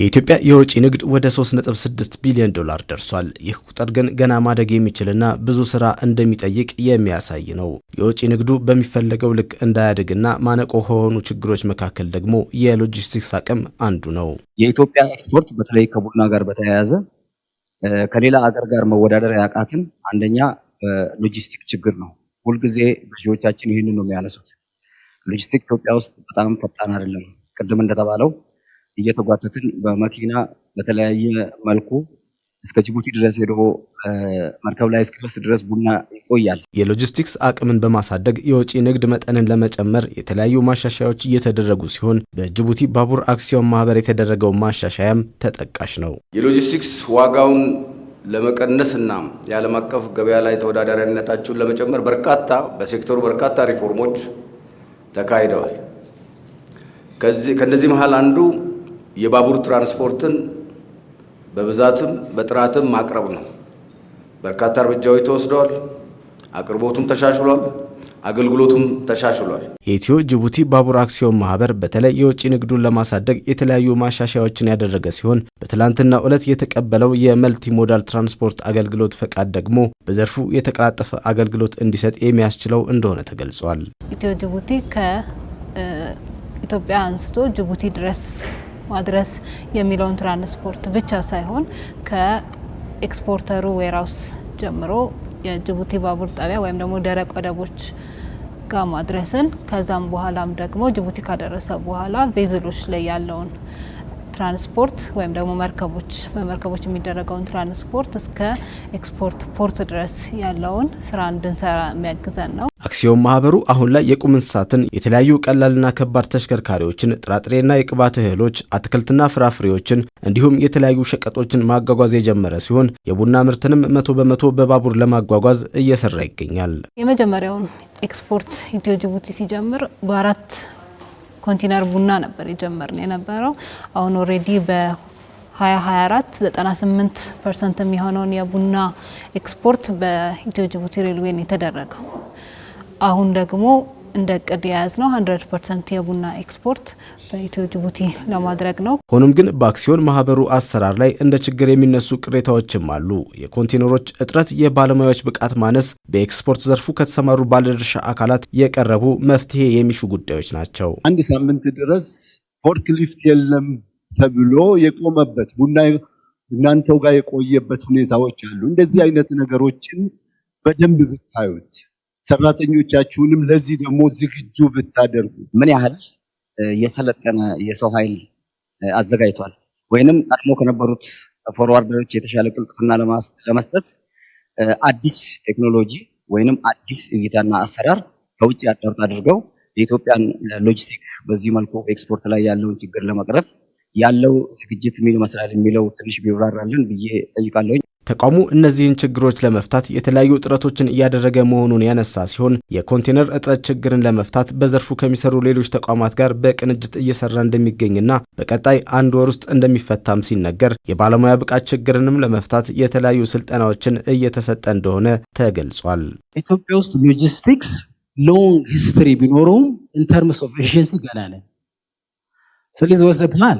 የኢትዮጵያ የውጭ ንግድ ወደ 3.6 ቢሊዮን ዶላር ደርሷል። ይህ ቁጥር ግን ገና ማደግ የሚችልና ብዙ ስራ እንደሚጠይቅ የሚያሳይ ነው። የውጭ ንግዱ በሚፈለገው ልክ እንዳያድግና ማነቆ ከሆኑ ችግሮች መካከል ደግሞ የሎጂስቲክስ አቅም አንዱ ነው። የኢትዮጵያ ኤክስፖርት በተለይ ከቡና ጋር በተያያዘ ከሌላ አገር ጋር መወዳደር ያቃትን አንደኛ ሎጂስቲክ ችግር ነው። ሁልጊዜ ገዢዎቻችን ይህንን ነው የሚያነሱት። ሎጂስቲክ ኢትዮጵያ ውስጥ በጣም ፈጣን አይደለም። ቅድም እንደተባለው እየተጓተትን በመኪና በተለያየ መልኩ እስከ ጅቡቲ ድረስ ሄዶ መርከብ ላይ እስኪደርስ ድረስ ቡና ይቆያል። የሎጂስቲክስ አቅምን በማሳደግ የወጪ ንግድ መጠንን ለመጨመር የተለያዩ ማሻሻያዎች እየተደረጉ ሲሆን በጅቡቲ ባቡር አክሲዮን ማህበር የተደረገው ማሻሻያም ተጠቃሽ ነው። የሎጂስቲክስ ዋጋውን ለመቀነስ ና የዓለም አቀፍ ገበያ ላይ ተወዳዳሪነታቸውን ለመጨመር በርካታ በሴክተሩ በርካታ ሪፎርሞች ተካሂደዋል። ከነዚህ መሀል አንዱ የባቡር ትራንስፖርትን በብዛትም በጥራትም ማቅረብ ነው። በርካታ እርምጃዎች ተወስደዋል። አቅርቦቱም ተሻሽሏል። አገልግሎቱም ተሻሽሏል። የኢትዮ ጅቡቲ ባቡር አክሲዮን ማህበር በተለይ የውጭ ንግዱን ለማሳደግ የተለያዩ ማሻሻያዎችን ያደረገ ሲሆን በትላንትናው ዕለት የተቀበለው የመልቲ ሞዳል ትራንስፖርት አገልግሎት ፈቃድ ደግሞ በዘርፉ የተቀላጠፈ አገልግሎት እንዲሰጥ የሚያስችለው እንደሆነ ተገልጿል። ኢትዮ ጅቡቲ ከኢትዮጵያ አንስቶ ጅቡቲ ድረስ ማድረስ የሚለውን ትራንስፖርት ብቻ ሳይሆን ከኤክስፖርተሩ ዌራውስ ጀምሮ የጅቡቲ ባቡር ጣቢያ ወይም ደግሞ ደረቅ ወደቦች ጋር ማድረስን ከዛም በኋላም ደግሞ ጅቡቲ ካደረሰ በኋላ ቬዝሎች ላይ ያለውን ትራንስፖርት ወይም ደግሞ መርከቦች በመርከቦች የሚደረገውን ትራንስፖርት እስከ ኤክስፖርት ፖርት ድረስ ያለውን ስራ እንድንሰራ የሚያግዘን ነው። አክሲዮን ማህበሩ አሁን ላይ የቁም እንስሳትን፣ የተለያዩ ቀላልና ከባድ ተሽከርካሪዎችን፣ ጥራጥሬና የቅባት እህሎች፣ አትክልትና ፍራፍሬዎችን እንዲሁም የተለያዩ ሸቀጦችን ማጓጓዝ የጀመረ ሲሆን የቡና ምርትንም መቶ በመቶ በባቡር ለማጓጓዝ እየሰራ ይገኛል። የመጀመሪያውን ኤክስፖርት ኢትዮ ጅቡቲ ሲጀምር በአራት ኮንቲነር ቡና ነበር የጀመርን የነበረው። አሁን ኦልሬዲ በ2024 98 ፐርሰንት የሚሆነውን የቡና ኤክስፖርት በኢትዮ ጅቡቲ ሬልዌን የተደረገው አሁን ደግሞ እንደ ቅድ የያዝ ነው 100 ፐርሰንት የቡና ኤክስፖርት በኢትዮ ጅቡቲ ለማድረግ ነው። ሆኖም ግን በአክሲዮን ማህበሩ አሰራር ላይ እንደ ችግር የሚነሱ ቅሬታዎችም አሉ። የኮንቴነሮች እጥረት፣ የባለሙያዎች ብቃት ማነስ በኤክስፖርት ዘርፉ ከተሰማሩ ባለድርሻ አካላት የቀረቡ መፍትሄ የሚሹ ጉዳዮች ናቸው። አንድ ሳምንት ድረስ ፎርክሊፍት የለም ተብሎ የቆመበት ቡና እናንተው ጋር የቆየበት ሁኔታዎች አሉ። እንደዚህ አይነት ነገሮችን በደንብ ብታዩት ሰራተኞቻችሁንም ለዚህ ደግሞ ዝግጁ ብታደርጉ ምን ያህል የሰለጠነ የሰው ኃይል አዘጋጅቷል ወይንም ቀድሞ ከነበሩት ፎርዋርደሮች የተሻለ ቅልጥፍና ለመስጠት አዲስ ቴክኖሎጂ ወይንም አዲስ እይታና አሰራር ከውጭ ያጠሩት አድርገው የኢትዮጵያን ሎጂስቲክ በዚህ መልኩ ኤክስፖርት ላይ ያለውን ችግር ለመቅረፍ ያለው ዝግጅት ምን ይመስላል የሚለው ትንሽ ቢብራራልን ብዬ ጠይቃለሁኝ። ተቋሙ እነዚህን ችግሮች ለመፍታት የተለያዩ ጥረቶችን እያደረገ መሆኑን ያነሳ ሲሆን የኮንቴነር እጥረት ችግርን ለመፍታት በዘርፉ ከሚሰሩ ሌሎች ተቋማት ጋር በቅንጅት እየሰራ እንደሚገኝና በቀጣይ አንድ ወር ውስጥ እንደሚፈታም ሲነገር የባለሙያ ብቃት ችግርንም ለመፍታት የተለያዩ ስልጠናዎችን እየተሰጠ እንደሆነ ተገልጿል። ኢትዮጵያ ውስጥ ሎጂስቲክስ ሎንግ ሂስትሪ ቢኖረውም ኢንተርምስ ኦፍ ኤሽንሲ ገና ነን። ስለዚህ ወዘ ፕላን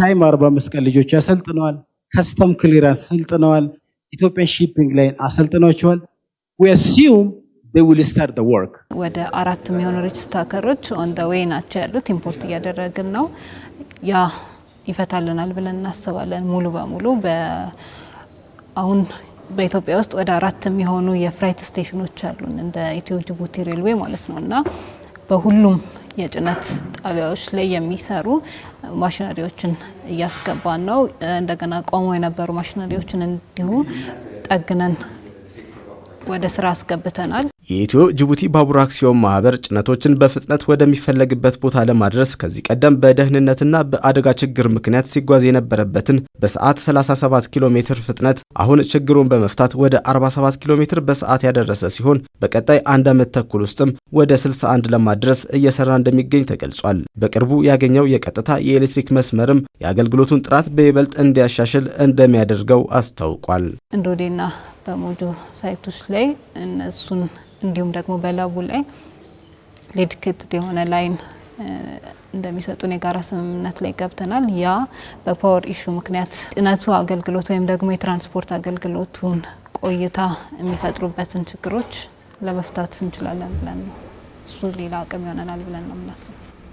ታይም አርባ አምስት ቀን ልጆች ያሰልጥነዋል። ከስተም ክሊራንስ ሰልጥነዋል። ኢትዮጵያ ሺፒንግ ላይን አሰልጥናቸዋል። ሲዩም ወደ አራት የሚሆኑ ሬጅስታከሮች ኦን ዘ ዌይ ናቸው ያሉት። ኢምፖርት እያደረግን ነው። ያ ይፈታልናል ብለን እናስባለን። ሙሉ በሙሉ አሁን በኢትዮጵያ ውስጥ ወደ አራት የሚሆኑ የፍራይት ስቴሽኖች አሉን እንደ ኢትዮ ጅቡቲ ሬልዌ ማለት ነው እና በሁሉም የጭነት ጣቢያዎች ላይ የሚሰሩ ማሽነሪዎችን እያስገባን ነው። እንደገና ቆመው የነበሩ ማሽነሪዎችን እንዲሁ ጠግነን ወደ ስራ አስገብተናል። የኢትዮ ጅቡቲ ባቡር አክሲዮን ማህበር ጭነቶችን በፍጥነት ወደሚፈለግበት ቦታ ለማድረስ ከዚህ ቀደም በደህንነትና በአደጋ ችግር ምክንያት ሲጓዝ የነበረበትን በሰዓት 37 ኪሎ ሜትር ፍጥነት አሁን ችግሩን በመፍታት ወደ 47 ኪሎ ሜትር በሰዓት ያደረሰ ሲሆን በቀጣይ አንድ ዓመት ተኩል ውስጥም ወደ 61 ለማድረስ እየሰራ እንደሚገኝ ተገልጿል። በቅርቡ ያገኘው የቀጥታ የኤሌክትሪክ መስመርም የአገልግሎቱን ጥራት በይበልጥ እንዲያሻሽል እንደሚያደርገው አስታውቋል። እንዶዴና በሞጆ ሳይቶች ላይ እነሱን እንዲሁም ደግሞ በላቡ ላይ ሌድክት የሆነ ላይን እንደሚሰጡን የጋራ ስምምነት ላይ ገብተናል። ያ በፓወር ኢሹ ምክንያት ጭነቱ አገልግሎት ወይም ደግሞ የትራንስፖርት አገልግሎቱን ቆይታ የሚፈጥሩበትን ችግሮች ለመፍታት እንችላለን ብለን ነው። እሱ ሌላ አቅም ይሆነናል ብለን ነው የምናስበው።